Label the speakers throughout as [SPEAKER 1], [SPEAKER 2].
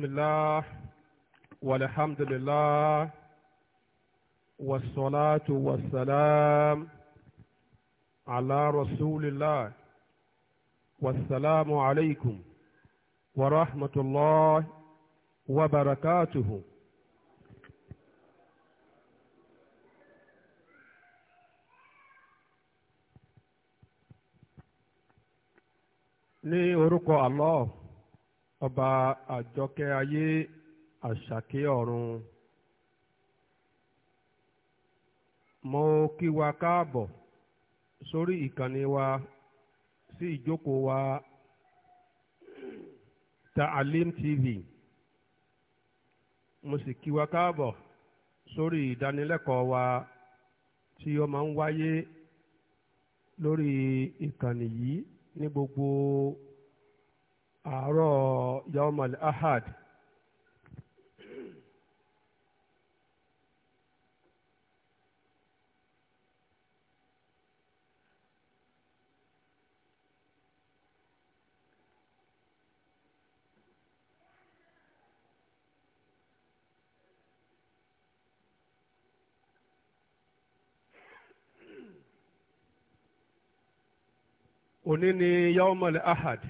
[SPEAKER 1] بسم الله والحمد لله والصلاة والسلام على رسول الله والسلام عليكم ورحمة الله وبركاته ní orúkọ Allah ọba àjọkẹ́ ayé àṣàkẹ́ ọ̀run mo kí wa káàbọ̀ sórí ìkànnì wa sí ìjókòó wa Ta'alim TV mo sì kí wa káàbọ̀ sórí ìdánilẹ́kọ̀ọ́ wa tí ó máa ń wáyé lórí ìkànnì yìí ní gbogbo àárọ̀ yọmọl ahad òní ni yọmọl ahad.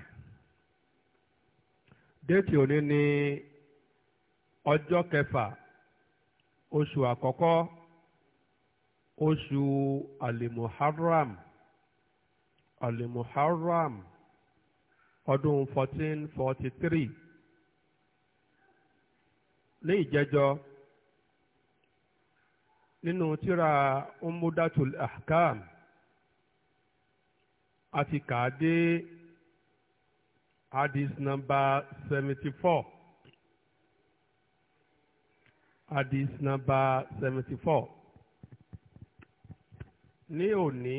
[SPEAKER 1] déètì òní ni ọjọ́ kẹfà oṣù àkọ́kọ́ oṣù alimuharram alimuharram ọdún fourteen forty three ní ìjẹjọ nínú tírà umudatul ahkam àti kàdé hadith number seventy-four hadith number seventy-four ní òní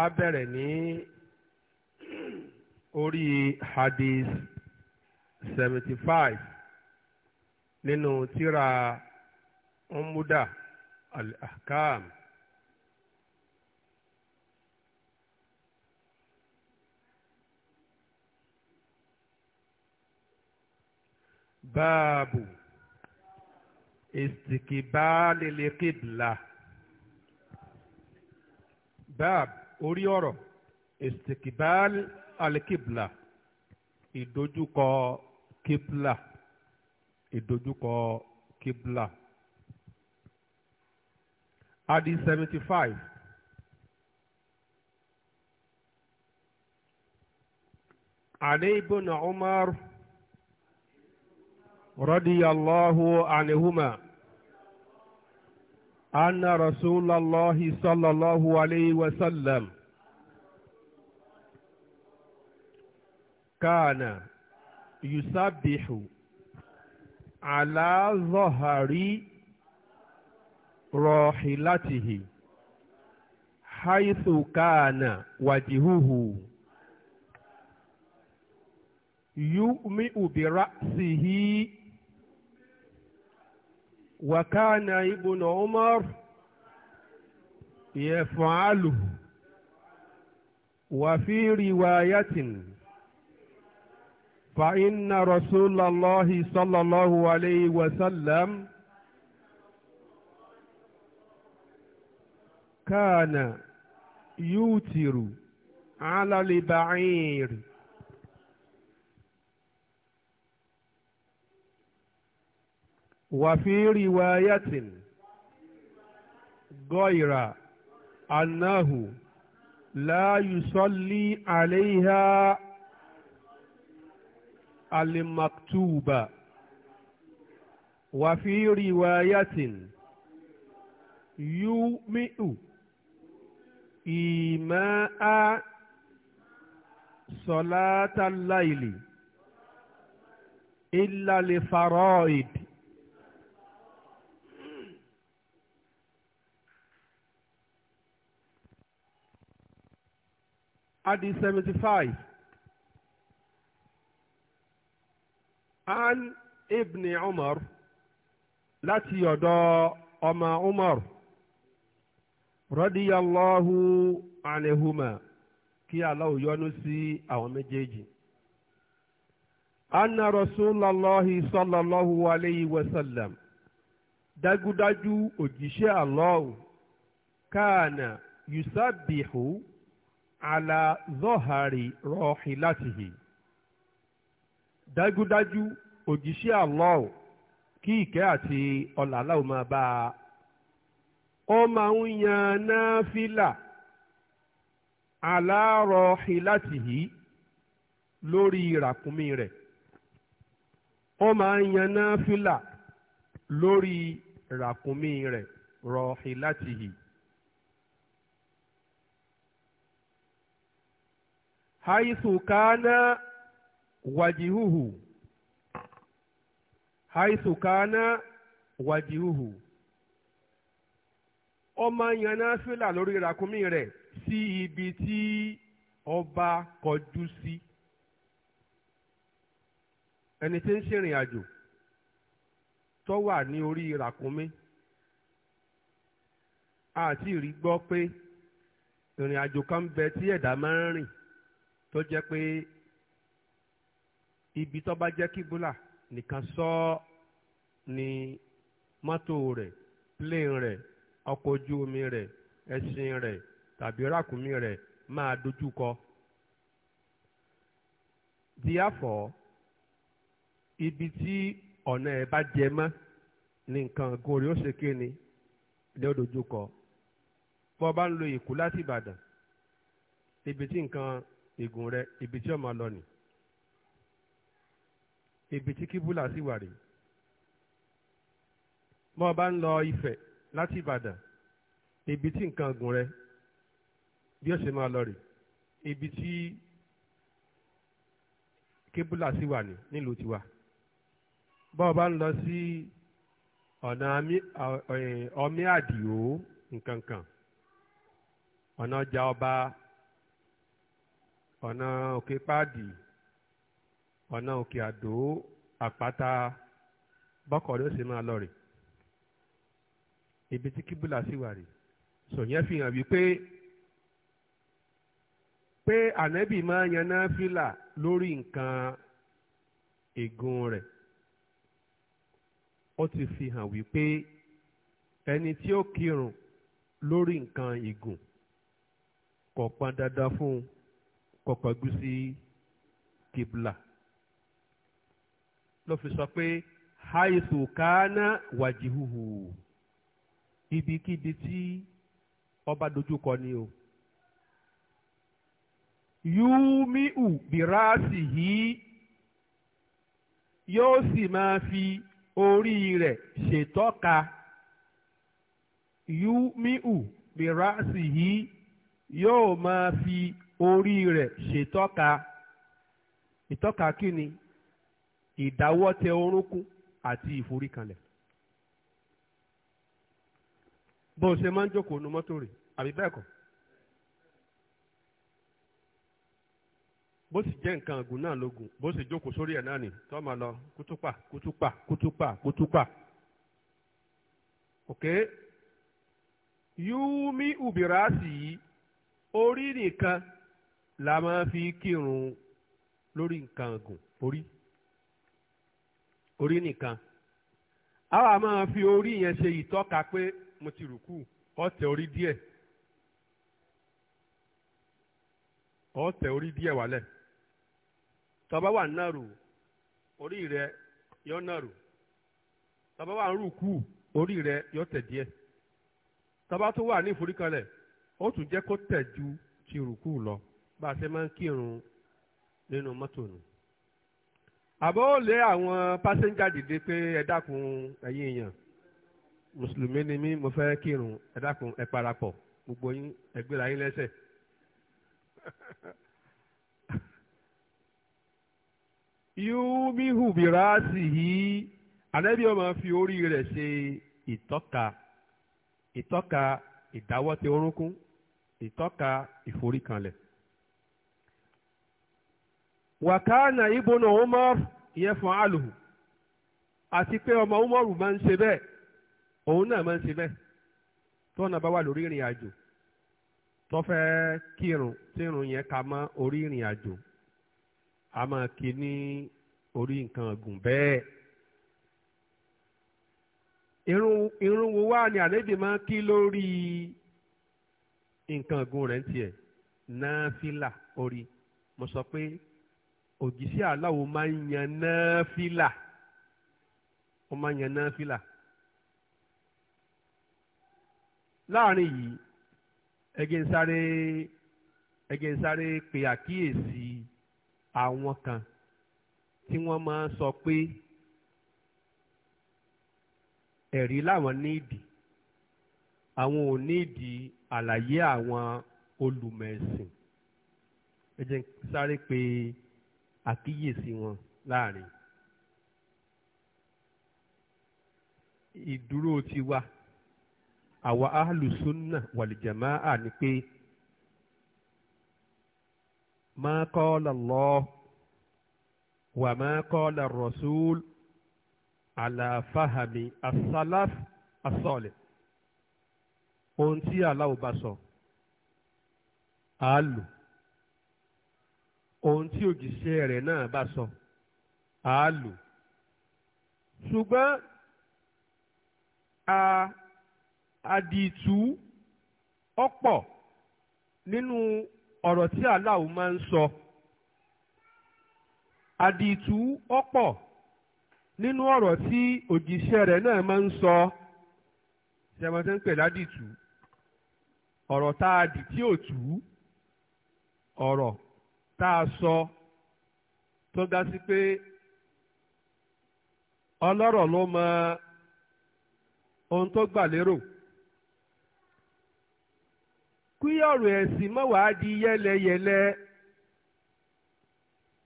[SPEAKER 1] a bẹ̀rẹ̀ ní orí hadith seventy-five nínú tírà Ummuda al-Ahkam. باب báàbù ìsìkìbálẹ̀lẹ́kìbìlà báàbù orí ọ̀rọ̀ ìsìkìbálẹ̀kìbìlà ìdojúkọ kíbìlà ìdojúkọ kíbìlà. Adi seventy five. علي بن عمر رضي الله عنهما أن رسول الله صلى الله عليه وسلم كان يسبح على ظهر راحلته حيث كان وجهه يؤمئ برأسه وكان ابن عمر يفعله وفي رواية فإن رسول الله صلى الله عليه وسلم كان يوتر على البعير وفي رواية غير أنه لا يصلي عليها المكتوبة وفي رواية يومئ إيماء صلاة الليل إلا لفرائد adi seventy five an ibni umar láti ọ̀dọ̀ ọmọ umar radiyallahu anihuma kí Allah yọ́nú sí àwọn méjèèjì. anna rasulallahi sallallahu alayhi wa sallam dágúdájú òjíṣẹ́ Allah káàna yusabihu ala zọ́hari rọ́ọ̀hì látìhì dájúdájú òjíṣẹ́ Allah kí ìkẹ́ àti ọlà aláwọ̀ máa bá a ó máa ń yan náfìlà ala rọ́ọ̀hì látìhì lórí ìràkúnmí rẹ̀ ó máa ń yan náfìlà lórí ìràkúnmí rẹ̀ rọ́ọ̀hì látìhì. haithu kana wajihuhu haithu kana wajihuhu ọmọ yànnà lórí irakumi rẹ sí ibi tí ọba kọjú sí ẹni tí ń ajo àjò tó wà ní orí ràkúnmí àti ìrí gbọ́ pé ìrìn àjò kan bẹ tí ẹ̀dá máa ń rìn tó jẹ́ pé ibi tó bá jẹ́ kíbúlà nìkan sọ ni mọ́tò rẹ̀ plane rẹ̀ ọkọ̀ ojú omi rẹ̀ ẹṣin rẹ̀ tàbí rákùnmí rẹ̀ máa dojú kọ. Therefore, ibi tí ọ̀nà ẹ̀ bá jẹ mọ́ ni nǹkan gorí ó ṣe kí ni ní ó dojú kọ. bọ́ bá ń lo Èkó láti Ìbàdàn ibi tí nǹkan egun rẹ ibi tí ó máa lọ nì ibi tí kíbúlà sì wà rèé mọ́ ọ bá ń lọ Ifẹ̀ láti Ìbàdàn ibi tí nǹkan gùn rẹ bí ó ṣe máa lọ rè ibi tí kébùlà sì wà ní nílùú tiwa bọ́ ọ ń lọ sí ọ̀nà ọmí àdìo nǹkankan ọ̀nà ọjà ọba ọ̀nà òkè páàdì ọ̀nà òkè àdó àpáta bọ́kọ̀rí ó sì máa lọ rè ibi tí kíbùlà sì wà rè fi hàn wípé pé ànábì máa yan náfìlà lórí nǹkan ègún rẹ̀ ó ti fi hàn wípé ẹni tí ó kírun lórí nǹkan ègún kọ̀ pọn dandan fún un kó kọjú sí kibla ló fi sọ pé haisu kaana wàjihùhù ibikíbi tí ọba dojúkọ ni o yúmíù bìrásì yìí yóò sì máa fi orí rẹ̀ ṣètọ́ka yúmíù bìrásì yìí yóò máa fi orí rẹ̀ ṣètọ́ka ìtọ́ka kí ni ìdáwọ́tẹ orúnkún àti ìforíkanlẹ̀ bó o ṣe máa ń jókòó nu mọ́tò rẹ̀ àbí bẹ́ẹ̀ kọ́ bó sì jẹ́ nǹkan àgùn náà lógun bó sì jókòó sórí ẹ̀ náà nì tó máa lọ kútúpà kútúpà kútúpà kútúpà ok yúmi ubirasi yìí orí nìkan la máa fi kírun lórí nǹkan ọ̀gùn orí orí nìkan àwa máa fi orí yẹn ṣe ìtọ́ka pé mo ti rùkú ọ̀tẹ̀ orí díẹ̀ ọ̀tẹ̀ orí díẹ̀ wálẹ̀ tọba wà nàró orí rẹ yọ naro tọba wà rùkú orí rẹ yọ tẹ̀ díẹ̀ tọba tó wà ní ìforíkalẹ̀ ó tún jẹ́ kó tẹ̀ ju ti rùkú lọ. bá a ṣe máa ń kírun nínú mọ́tò nù. àbọ̀ ó lé àwọn pásẹ́ńjà dìde pé ẹ dákun ẹ̀yin èèyàn mùsùlùmí ni mí mo fẹ́ kírun ẹ dákun ẹ parapọ̀ gbogbo yín ẹ gbéra yín lẹ́sẹ̀. yúmíhù bìrásì yìí ànábì ó máa fi orí rẹ̀ ṣe ìtọ́ka ìtọ́ka ìdáwọ́tẹ orúnkún ìtọ́ka ìforíkanlẹ̀. wàkánà ibùnà umar fún alùhù àti pé ọmọ umaru máa ń ṣe bẹ́ẹ̀ òun náà máa ń ṣe bẹ́ẹ̀ tọ́nà bá wà lórí ìrìn àjò tó fẹ́ kírun tírun yẹn ká mọ́ orí ìrìn àjò a máa kí ní orí nǹkan ọ̀gùn bẹ́ẹ̀. irun wo wá ni àlejò máa kí lórí nǹkan ọ̀gùn rẹ̀ ń tiẹ̀ náà fílà orí mo sọ pé òjíṣẹ́ aláwo máa ń yan náfìlà ó máa ń yan náfìlà láàrin yìí ẹgẹ ń sáré ẹgẹ ń sáré pe àkíyèsí àwọn kan tí wọ́n máa ń sọ pé ẹ̀rí làwọn nídìí àwọn ò nídìí àlàyé àwọn olùmẹ̀sìn ẹ ń sáré pe àkíyèsí wọn láàrin ìdúró tiwa àwa ahlùsúnnà wàlìjàmáà ni pé ma qala Allah wa ma qala ar-rasul ala fahami as-salaf as-salih ohun tí Allah bá sọ àálù. So ohun tí òjìṣẹ́ rẹ̀ náà bá sọ á lò ṣùgbọ́n a àdìtú ọ̀pọ̀ nínú ọ̀rọ̀ tí aláwo máa ń sọ àdìtú ọ̀pọ̀ nínú ọ̀rọ̀ tí òjìṣẹ́ rẹ̀ náà máa ń sọ ṣẹmọtẹ́ ń pè ládìtú ọ̀rọ̀ tá a dì tí ò tú ọ̀rọ̀ tá a sọ tó ga sí pé ọlọ́rọ̀ ló mọ ohun tó gbà lérò kí ọ̀rọ̀ ẹ̀sìn má di yẹ́lẹyẹ̀lẹ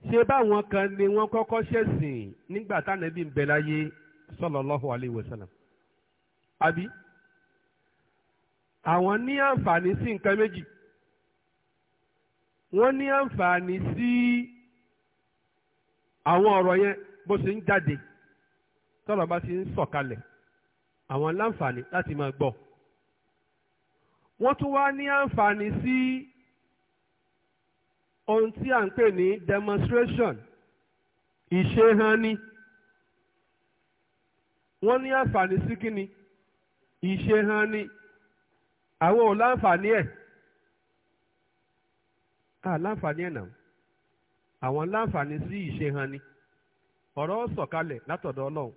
[SPEAKER 1] ṣe báwọn kan ni wọ́n kọ́kọ́ ṣẹ̀sìn nígbà tánàbí ń bẹ láyé sallallahu alaihi wasallam àbí àwọn ní àǹfààní sí nǹkan méjì wọ́n ní àǹfààní sí àwọn ọ̀rọ̀ yẹn bó ṣe ń jáde tọ́rọ̀ bá ti ń sọ̀kalẹ̀ àwọn láǹfààní láti máa gbọ́ wọ́n tún wá ní àǹfààní sí ohun tí à ń pè ní demonstration ìṣehání wọ́n ní àǹfààní sí kíni ìṣehání àwọn ò láǹfààní ẹ̀. E a àláǹfààní ẹ̀nà àwọn láǹfààní sí ìṣe hàn ni ọ̀rọ̀ sọ̀kalẹ̀ látọ̀dọ̀ ọlọ́run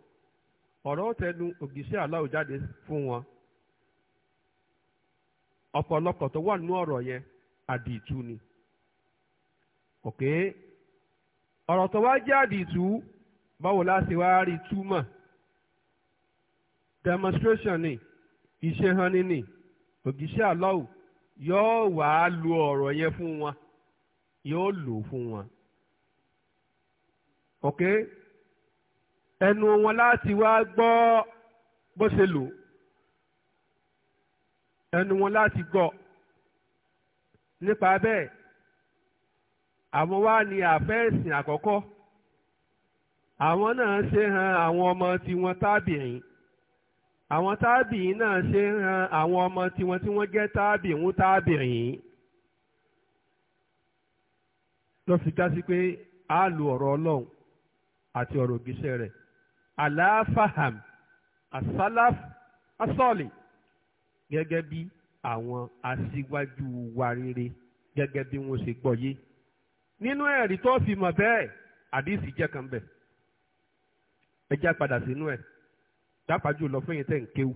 [SPEAKER 1] ọ̀rọ̀ tẹnu ògìṣẹ́ aláwọ̀ jáde fún wọn ọ̀pọ̀lọpọ̀ tó wà nínú ọ̀rọ̀ yẹn àdìtú ni òkè ọ̀rọ̀ tó wá jẹ́ àdìtú báwo la ṣe wá rí túmọ̀ demonstration ni ìṣe hàn ni ni ògìṣẹ́ aláwọ̀ yóò wá lu ọ̀rọ̀ yẹn fún wọn. yóò lò fún wọn ok ẹnu wọn láti wá gbọ́ bó ṣe lò ẹnu wọn láti gbọ́ nípa bẹ́ẹ̀ àwọn wá ni àfẹ́sìn àkọ́kọ́ àwọn náà ṣe han àwọn ọmọ tiwọn tábìyìn àwọn tábìyìn náà ṣe han àwọn ọmọ tiwọn tí wọ́n jẹ́ tábìyìn tábìyìn ló fi ká sí pé a lu ọ̀rọ̀ ọlọ́run àti ọ̀rọ̀ ògìṣẹ́ rẹ̀ aláfàhàm asálàf asọ́ọ̀lì gẹ́gẹ́ bí àwọn aṣíwájú wa rere gẹ́gẹ́ bí wọ́n ṣe gbọ́ yé nínú ẹ̀rí tó fi mọ̀ bẹ́ẹ̀ àdìsí jẹ́ kan bẹ̀ ẹ já padà sínú ẹ̀ dápàá jùlọ fún yín tẹ̀ ń kéwù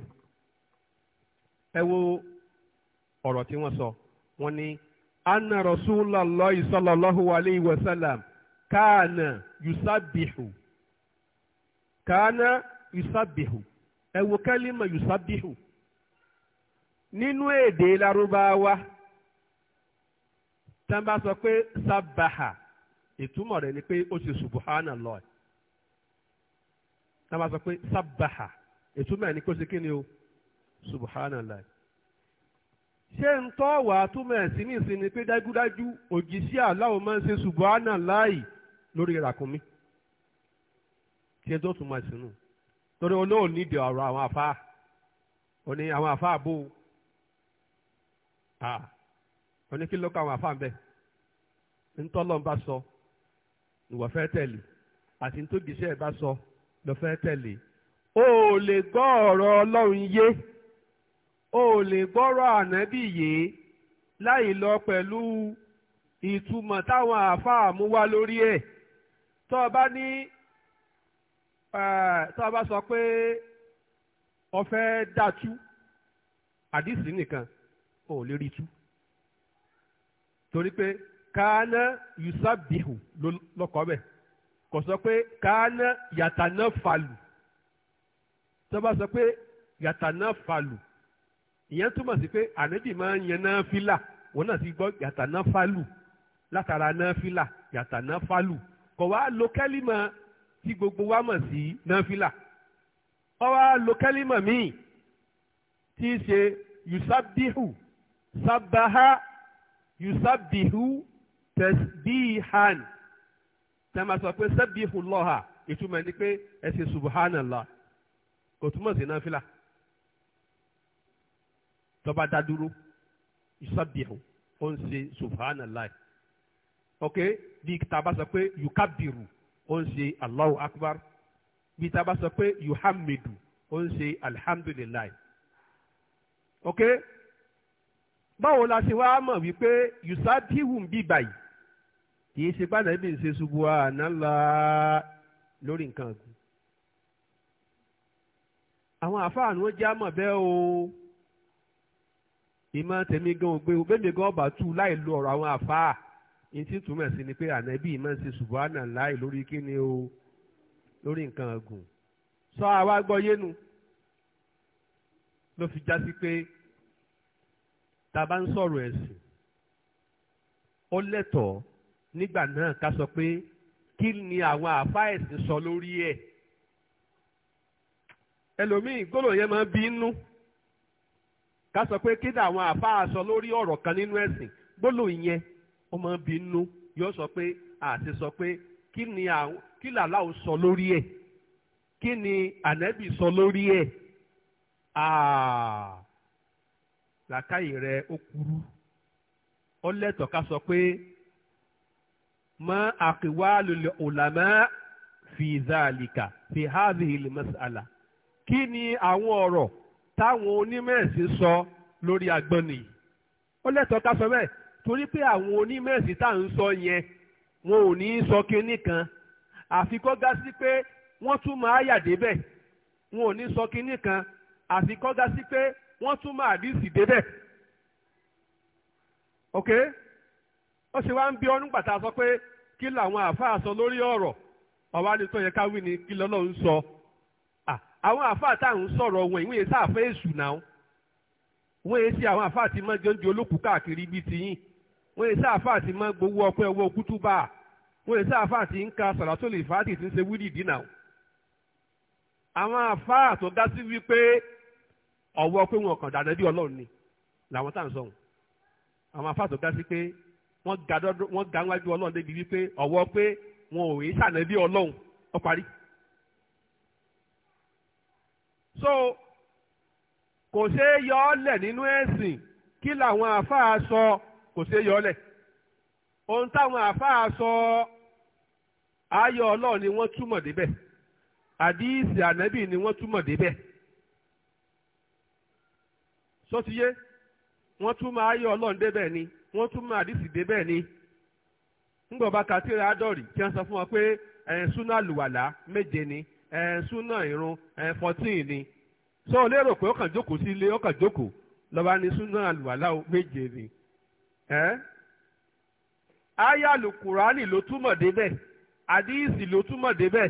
[SPEAKER 1] ẹ wo ọ̀rọ̀ tí wọ́n sọ wọ́n ní anna rasulallahi sallallahu alayhi wa sallam kaana yusabihu kaana yusabihu ẹ wo kálímà yusabihu nínú èdè Lárúbáwá tán bá sọ pé sábàhà ìtumọ̀ rẹ̀ ni pé ó ṣe subuhana lọ tán bá sọ pé sábàhà ìtumọ̀ rẹ̀ ni pé ó kí ni o subuhana lọ ṣé ń tọ́ wà á túmọ̀ ẹ̀sìn nísìn ni pé dájúdájú òjíṣẹ́ Allah máa ń ṣe subhana láì lórí ràkúnmí tí ẹjọ́ tún máa sínú torí olóòní nídìí ọ̀rọ̀ àwọn àfáà òní àwọn àfáà bò ó òní kí ló kọ àwọn àfáà ń bẹ̀ ntọ́lọ́ ń bá sọ ìwọ fẹ́ tẹ̀lé àti ntòjíṣẹ́ ẹ̀ bá sọ lọ tẹ̀lé o lè gbọ́ ọ̀rọ̀ Ọlọ́run yé o ò lè gbọ́rọ̀ ànábì yìí láì lọ pẹ̀lú ìtumọ̀ táwọn àáfàá mú wá lórí ẹ̀ tó o bá ní tó o bá sọ pé o fẹ́ dàtú àdìsí nìkan o ò lè rí tú torí pé kaana yusabihu lọkọ bẹ kò sọ pé kaana yatana fàlù tó o bá sọ pé yàtànà fàlù ìyẹn túmọ̀ sí pé ànábì máa ń yan náà fílà wọn náà ti gbọ́ yàtà náà fálù látara náà fílà yàtà náà fálù kò wá lo kẹ́límà tí gbogbo wa mọ̀ sí náà fílà ọ wá lo kẹ́límà míì tí í ṣe yusabihu sabaha yusabihu tẹsbihan tẹ́lẹ̀ pé sabihu lọ́ha ìtumọ̀ ni pé ẹ ṣe subhanallah kò túmọ̀ sí náà fílà tó bá dá dúró ìsọ̀bìhù ó ń ṣe ok bí ta bá sọ pé yukabiru ó ń ṣe allahu akbar bí ta bá sọ pé yuhamidu ó ń ṣe alhamdulillah ok báwo la se wá mọ̀ wípé yusabihu ń bí báyìí kì í ṣe gbàdá ibi ń ṣe subhanallah lórí nǹkan ọ̀gbìn àwọn àfáà ni wọ́n já bẹ́ẹ̀ o ìmọ̀ tèmi gan ògbé bẹ́ẹ̀ni gan ọba tú láì lo ọ̀rọ̀ àwọn àfáà ní tí túmọ̀ sí ni pé ànábì ìmọ̀ ṣe ṣùgbọ́nà láì lórí kíni o lórí nǹkan ọ̀gùn sọ àwa gbọ́ yénu ló fi já sí pé tá bá ń sọ̀rọ̀ ẹ̀sìn ó lẹ́tọ̀ọ́ nígbà náà ká sọ pé kí ni àwọn àfáà ẹ̀sìn sọ lórí ẹ̀ ẹlòmíì gbọ́dọ̀ yẹn máa bínú. ká sọ pé kí dàwọn àfáà sọ lórí ọ̀rọ̀ kan nínú ẹ̀sìn gbólóhùn yẹn ó máa ń bínú yóò sọ pé àti sọ pé kí ni àwọn kí làláwo sọ lórí ẹ̀ kí ni ànábì sọ lórí ẹ̀ làkàyè rẹ ó kúrú ó ká sọ pé mọ lulẹ̀ fi zàlìkà fi kí ni àwọn ọ̀rọ̀ táwọn onímẹ̀sìn sọ lórí agbọ́n nìyí ó lẹ́tọ̀ọ́ ká sọ bẹ́ẹ̀ torí pé àwọn onímẹ̀sìn tá à ń sọ yẹn wọn ò ní í sọ kinní kan àfi kó ga sí pé wọ́n tún máa yà débẹ̀ wọn ò ní sọ kinní kan àfi kó ga sí pé wọ́n tún máa dísì débẹ̀ ok ó ṣe wá ń bí ọdún gbàtà sọ pé kí làwọn àáfàá sọ lórí ọ̀rọ̀ ọ̀wá ni tó yẹ ká wí ni kí lọ́lọ́run sọ. So àwọn àfáà tá à ń sọ̀rọ̀ wọn ìwé sáàfẹ́ èṣù náà wọ́n yé sí àwọn àfáà tí mọ́ gẹ́ńdì olókùú káàkiri bíi tiyín wọ́n yé sí àfáà tí mọ́ gbowó ọpẹ́ owó kútúbà wọ́n yé sí àfáà tí ń ka sàlátòlì fàátì tí ń ṣe wíìdì náà àwọn àfáà tó dá sí wípé ọ̀wọ́ pé wọn kàn dànù bí ọlọ́run ni làwọn tá à ń sọ̀hún àwọn àfáà tó dá sí pé wọ́n ga wájú ọlọ́run débi wípé ọ̀wọ́ pé wọn ò yé sànà bí ọlọ́run ó parí so kò ṣeé yọ ọ́ lẹ̀ nínú ẹ̀sìn kí làwọn àáfàá sọ kò ṣeé yọ ọ́ lẹ̀ ohun táwọn àáfàá sọ ayọ̀ ọlọ́run ni wọ́n túmọ̀ débẹ̀ àdíìsì ànábì ni wọ́n túmọ̀ débẹ̀ sọtiyé wọ́n túmọ̀ ayọ̀ ọlọ́run débẹ̀ ni wọ́n túmọ̀ àdíìsì débẹ̀ ni ńgbọ̀nba kàtírà adọ́rì tí wọ́n sọ fún wọn pé ẹ̀yìn súnà lùwàlà méje ni súnà irun fourteen ni sọ o lérò pé ó kàn jókòó sí ilé ó jókòó lọ́ba ní súnà àlùwàlá méje ni aya alukurani ló túmọ̀ débẹ̀ àdíìsì ló túmọ̀ débẹ̀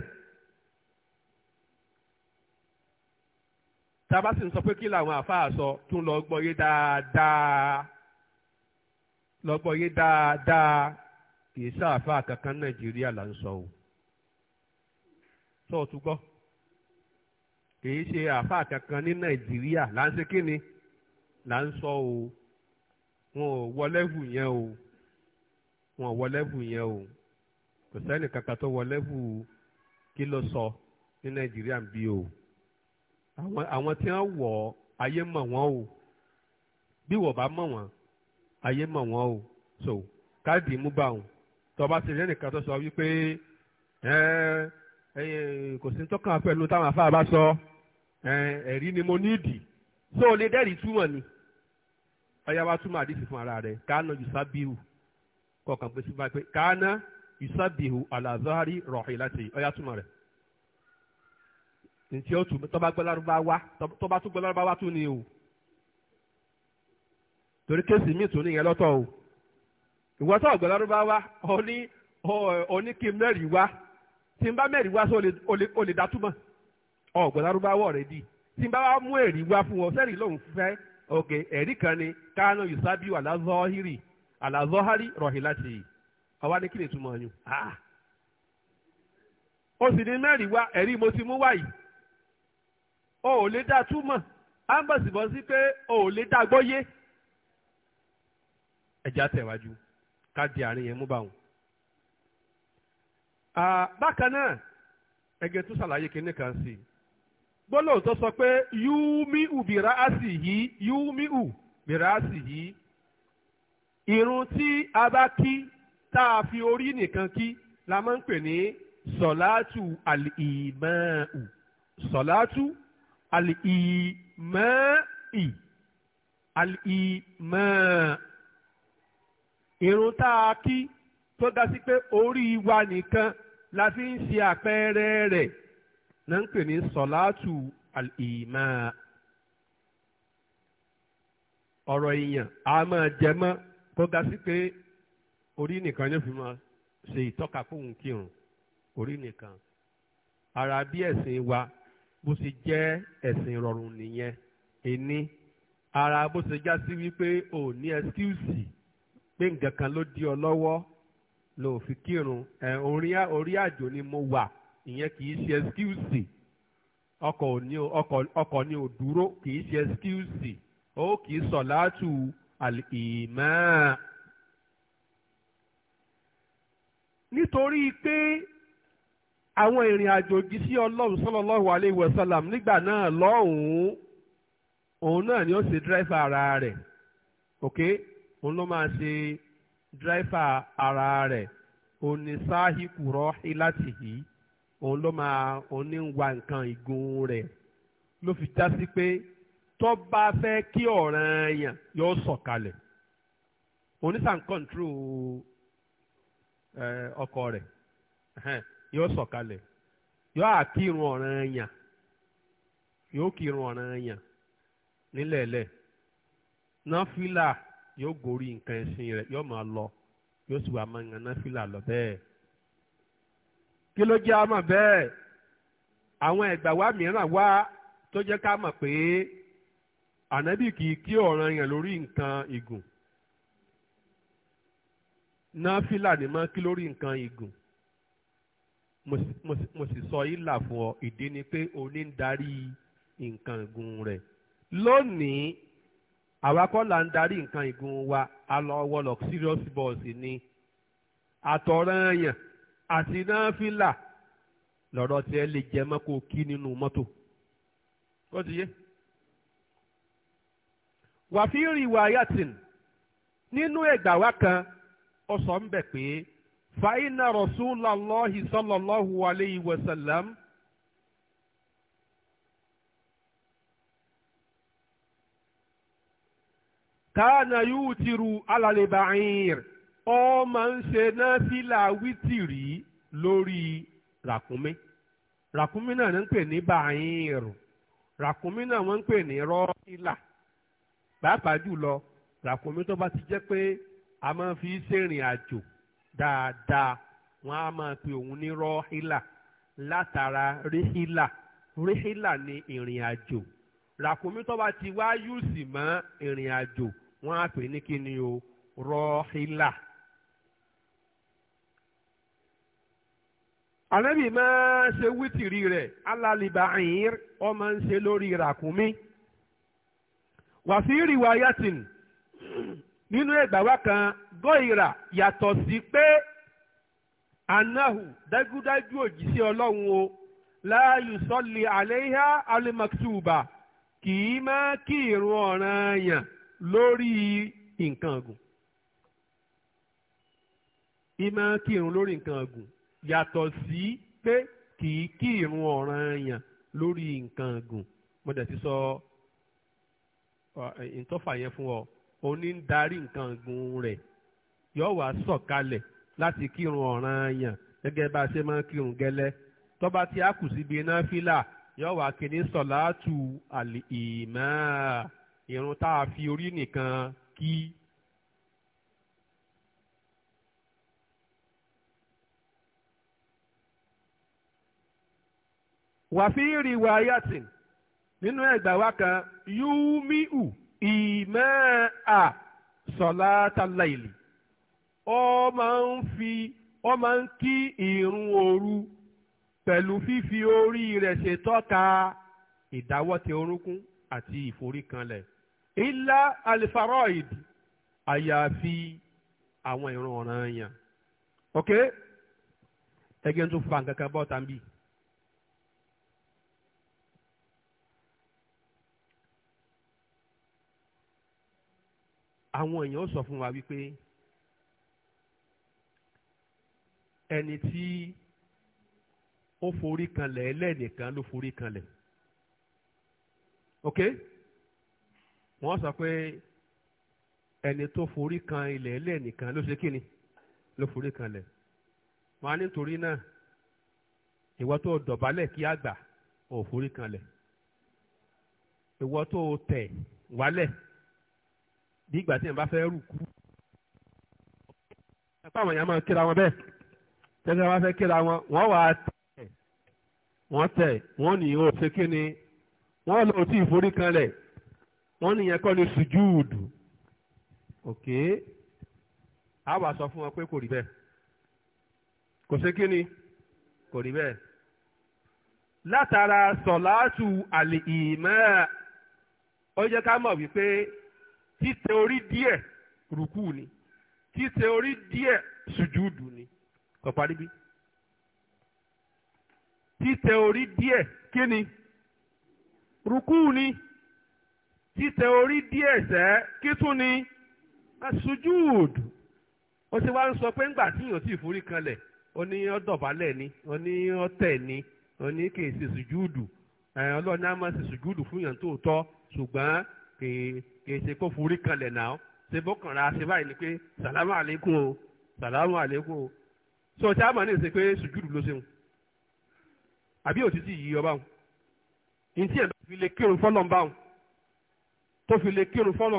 [SPEAKER 1] tába sì ń sọ pé kí làwọn àfáà sọ tún lọ gbọ́ yé dáadáa lọ gbọ́ yé dáadáa kì í sáà àfáà kankan Nàìjíríà là ń sọ o. sọ gbọ́ kìí ṣe àáfàá kankan ní nàìjíríà là ń ṣe kíni là ń sọ o wọn ò wọlẹ́fù yẹn o wọn ò wọlẹ́fù yẹn o kò sẹ́ni kankan tó wọlẹ́fù kí ló sọ ní nàìjíríà ń bí o àwọn tí wọ́n wọ̀ ayé mọ̀ wọ́n o bí wọ́n bá mọ̀ wọ́n ayé mọ̀ wọ́n o so káàdì mú bá wọn tọ́ba ṣe lẹ́nìkan tó sọ wípé ẹ́ẹ́ kò sí tọ́kàn pẹ̀lú táwọn afá bá sọ ẹ̀rí ni mo ní ìdì so o lè dẹ́rìí túmọ̀ ni ọ̀yá wa túmọ̀ àdìsí fún ara rẹ̀ kánà yusabihu kọ̀ọ̀kan pé síbá pé kánà yusabihu alazari rọ̀hìn láti ọ̀yá túmọ̀ rẹ̀ ntí ó tù tọ́ba gbọ́lárúbáwá tọ́ba tún gbọ́lárúbáwá tún ni o torí kéèsì míì tún nìyẹn lọ́tọ̀ o ìwọ́tọ̀ gbọ́lárúbáwá oní oní kí mẹ́rin wá. tí n bá mẹ́rin wá sí o dátúmọ̀ ọ̀gbọ̀n lárúbáwọ̀ rẹ̀ di tí n bá wá mú ẹ̀rí wá fún ọ sẹ́rí lòun fẹ́ ok ẹ̀rí kan ni káánà yusabiu alazọ́hírì alazọ́hárì ni kí lè túmọ̀ o sì ní mẹ́rin wá ẹ̀rí mo ti mú o ò lè dá á ń sí o ò lè dá gbọ́yé ẹ̀já tẹ̀wájú ká di àárín yẹn mú bákan náà ẹgẹ tún ṣàlàyé kinní kan sí i gbólóhùn tó sọ pé yúmíù bìràásì yìí yúmíù bìràásì yìí irun tí a bá kí tá a fi orí nìkan kí la máa ń pè ní sọ̀láàtù àlìmáàù sọ̀láàtù àlìmáàì àlìmáà irun tá a kí tó ga sí pé orí wa nìkan la fi ń ṣe àpẹẹrẹ rẹ̀ náà ń pè ní sọ̀láàtù àlìmá ọ̀rọ̀ èèyàn a máa jẹ mọ́ tó ga sí pé orí nìkan yóò fi máa ṣe ìtọ́ka fóun kírun orí nìkan ara bí ẹ̀sìn wa bó ṣe jẹ́ ẹ̀sìn rọrùn nìyẹn ẹni ara bó ṣe já sí wípé ò ní ẹ́skíùsì pé nǹkan kan ló di ọ lọ́wọ́ ló fi kírun ẹ orí àjò ni mo wà ìyẹn kì í ṣe ẹskíùsì ọkọ̀ ni ọkọ̀ ọkọ̀ ni ò dúró kì í ṣe ẹskíùsì ó kì í sọ̀láàtù àlìmọ́. nítorí pé àwọn ìrìn àjò òjíṣẹ́ ọlọ́run sallallahu alaihi wasallam nígbà náà lọ́hùn-ún òun náà ni ó ṣe dírẹ́fà ara rẹ̀ òkè òun ló máa ṣe. dírẹ́fà ara rẹ̀ onísáhìkùrọ̀ ìlàtìhì òun ló máa oníwà nǹkan ìgún rẹ̀ ló fi já sí pé tó bá fẹ́ kí ọ̀ràn yàn yóò sọ̀kalẹ̀ onísàǹkọ̀ntró eh, ọkọ rẹ̀ yóò sọ̀kalẹ̀ yóò àkírun ọ̀ràn yàn yóò kírun ọ̀ràn yàn nílẹ̀ẹ́lẹ̀ náfìlà. yóò gorí nǹkan ẹ̀sìn rẹ̀ yóò máa lọ yóò sì wá máa yan náfìlà lọ bẹ́ẹ̀. kí ló jẹ́ àmọ̀ bẹ́ẹ̀ àwọn ẹ̀gbà wa mìíràn wá tó jẹ́ ká mọ̀ pé ànábì kì í kí ọ̀ràn yẹn lórí nǹkan ìgùn náfìlà ni máa kí lórí nǹkan ìgùn mo sì sọ ìlà fún ọ ìdí ni pé o ní ń darí nǹkan ìgùn rẹ̀ lónìí àwa kọ́ là ń darí nǹkan ìgun wa a lọ sirius serious boss ni àtọ̀ranyàn àti náfìlà lọ́rọ̀ tí ẹ lè jẹ mọ́ kó kí nínú mọ́tò kó ti yé. wàfíìrì wàyàtìn nínú ẹgbà wa kan ó sọ ń bẹ̀ pé fàyínà rọ̀ṣúlọ́lọ́hì sọ́lọ́lọ́hù aláyhi wàsálàm. Kana yóò ti ru alàlẹ́ bàáyìn ọ máa ń ṣe náfìlà wítìrì lórí ràkúnmí ràkúnmí náà ń pè ní bàáyìn ràkúnmí náà wọ́n ń pè ní rọ́ọ̀tìlà pàápàá jùlọ ràkúnmí tó bá ti jẹ́ pé a máa fi ṣèrìn àjò dáadáa wọ́n á máa pe òun ní rọ́ọ̀hílà látara ríhílà ríhílà ni ìrìn àjò ràkúnmí tó bá ti wá yùsì mọ́ ìrìn àjò wọ́n á pè ní kíni o rọ́ọ̀hílà. ànábì máa ṣe wítìrí rẹ̀ alálìbà àyín ó ń ṣe lórí ràkúnmí. wàfíì rìwáyàtìn nínú ẹgbàá kan gọ́ìrà yàtọ̀ sí pé anahu dájúdájú òjíṣẹ́ ọlọ́run o láàyè sọ́lé àléhà alimaktuba kì í máa kí ìrun ọ̀ràn yàn lórí nǹkan ọ̀gùn kì í máa kí ìrun lórí nǹkan ọ̀gùn yàtọ̀ sí pé kì í kí ìrun ọ̀ràn yàn lórí nǹkan ọ̀gùn mo dẹ̀ ti sọ ìtọ́fà yẹn fún ọ òní ń darí nǹkan ọ̀gùn rẹ̀ yóò wá sọ̀kalẹ̀ láti kírun ọ̀ràn yàn gẹ́gẹ́ bá a ṣe máa ń kírun gẹ́lẹ́ tọ́ba tí a kù síbi náà fílà yóò wá kí ní sọ̀láàtù àlìmọ́ irun tá a fi orí nìkan kí. wàfí ìrìwà ayatin nínú ẹgbàá wa kan yúmíù ìmọ̀ à sọ̀lá talaili ó máa ń fi ó máa ń kí ìrun òru pẹ̀lú fífi orí rẹ̀ ṣètọ́ka ìdáwọ́tẹ orúnkún àti ìforíkanlẹ̀ ilá alifaroid àyàfi àwọn ìran ọ̀ràn yàn ok ẹgbẹ́ tó fa nǹkan kan bọ́ tàbí. àwọn èèyàn sọ fún wa wípé ẹni tí ó forí kanlẹ̀ ẹlẹ́nìkan ló forí kanlẹ̀ ok wọ́n sọ pé ẹni tó forí kan ilẹ̀ ẹlẹ́nìkan ló ṣe kí ni ló forí kanlẹ̀ wọ́n á nítorí náà ìwọ tó dọ̀bálẹ̀ kí àgbà ò forí kanlẹ̀ ìwọ tó tẹ̀ wálẹ̀ bí ìgbà tí n bá fẹ́ rùkú ẹ̀pá àwọn èèyàn máa kíra wọn bẹ́ẹ̀ tẹ́tẹ́ wọn fẹ́ kíra wọn wọ́n wà á tẹ̀ wọ́n tẹ̀ wọ́n ní ìhò ṣe kí ni wọ́n lọ tí ìforí kanlẹ̀ wọ́n nìyẹn kọ́ ni sùjúùdù òkè á wà sọ fún wọn pé kò rí bẹ́ẹ̀ kò ṣe kí ni kò rí bẹ́ẹ̀ látara sọ̀láàtù àlè ìmọ̀ ó jẹ́ ká mọ̀ wípé títẹ orí díẹ̀ rùkú ni títẹ orí díẹ̀ sùjúùdù ni kò parí bí títẹ orí díẹ̀ kí ni rukú ni títẹ orí díẹ̀ sẹ́ kí ni asujúd ó ti wá ń sọ pé ńgbà tí yòó sì forí kanlẹ̀ ó ní ọ̀dọ̀bálẹ̀ ni ó ní ọ̀tẹ̀ ni ó ní kì í ṣe sùjúùdù ọlọ́ọ̀ni á máa ṣe sùjúùdù fún yàn tó tọ́ ṣùgbọ́n kì í ṣe kó forí kanlẹ̀ náà ṣe bọ́kànlá ṣe báyìí ni pé sàlámù àlékún o sàlámù àlékún o sọ ti á máa ní ìṣe pé sùjúùdù ló ṣeun àbí òtítì yìí ọba wọn ntí ẹ̀ fi lè kírun fọ́nà bá wọn tó fi lè kírun fọ́nà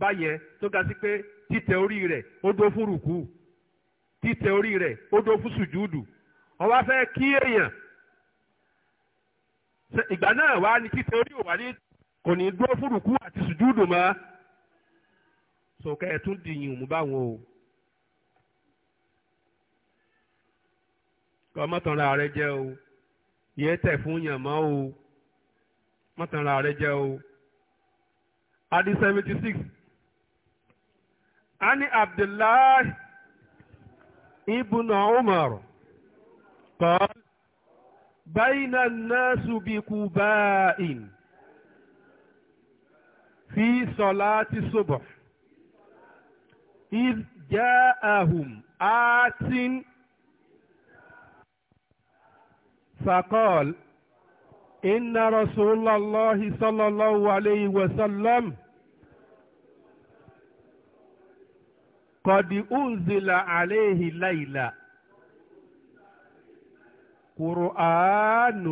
[SPEAKER 1] bá yẹn tó ga sí pé títẹ orí rẹ̀ ó dó fún rùkú títẹ orí rẹ̀ ó dó fún sùjúdù ó wá fẹ́ kí èèyàn ìgbà náà wá ní títẹ orí ò wá ní kò ní dó fún rùkú àti sùjúdù mọ́ sọ̀kẹ́ ẹ̀ tún dìyìn mú báwọn o. kọ́ mọ́tàn ra rẹ jẹ́ o. yẹn tẹ̀ fún yàn mọ́ o mọ́tànra rẹ jẹ́ o. adi seventy six ani abdullahi ibn umar qal bayna an-nasu bi kuba'in fi salati subh idh ja'ahum atin. فقال إن رسول الله صلى الله عليه وسلم قد أنزل عليه ليلة قرآن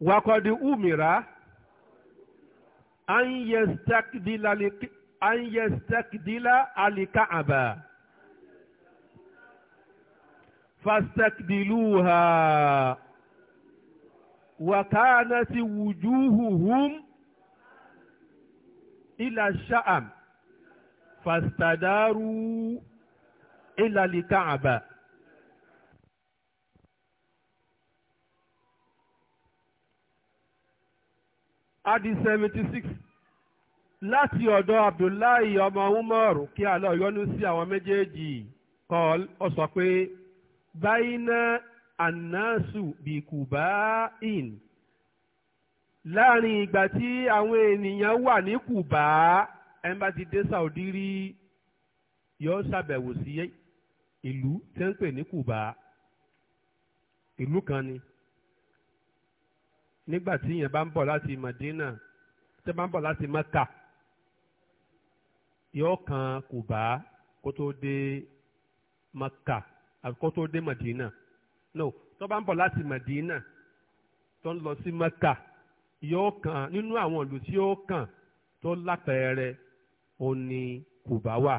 [SPEAKER 1] وقد أمر أن يستقبل أن يستقبل الكعبة fastakdiluha wakanati wujuhuhum ila sha'am fastadaru ila likaaba adi 76 láti ọ̀dọ̀ abdullahi ọmọ umar kí Allah yọ́nú sí àwọn méjèèjì kọ́ ọ sọ pé báyínà ànásù bìkùbáìn láàrin ìgbà tí àwọn ènìyàn wà ní kùbá ẹni bá ti dé Saudi rí yóò ṣàbẹ̀wò sí ìlú tí ń pè ní kùbá ìlú kan ni nígbà tí yẹn bá ń bọ̀ láti Madina tí yẹn bá ń bọ̀ láti Maka yóò kan kùbá kó tó dé Maka àkókò tó dé Madina no tó bá ń bọ̀ láti Madina tó ń lọ sí Mẹ́kà yóò kàn nínú àwọn ìlú tí yóò kàn tó lápẹẹrẹ òní Kùbá wà.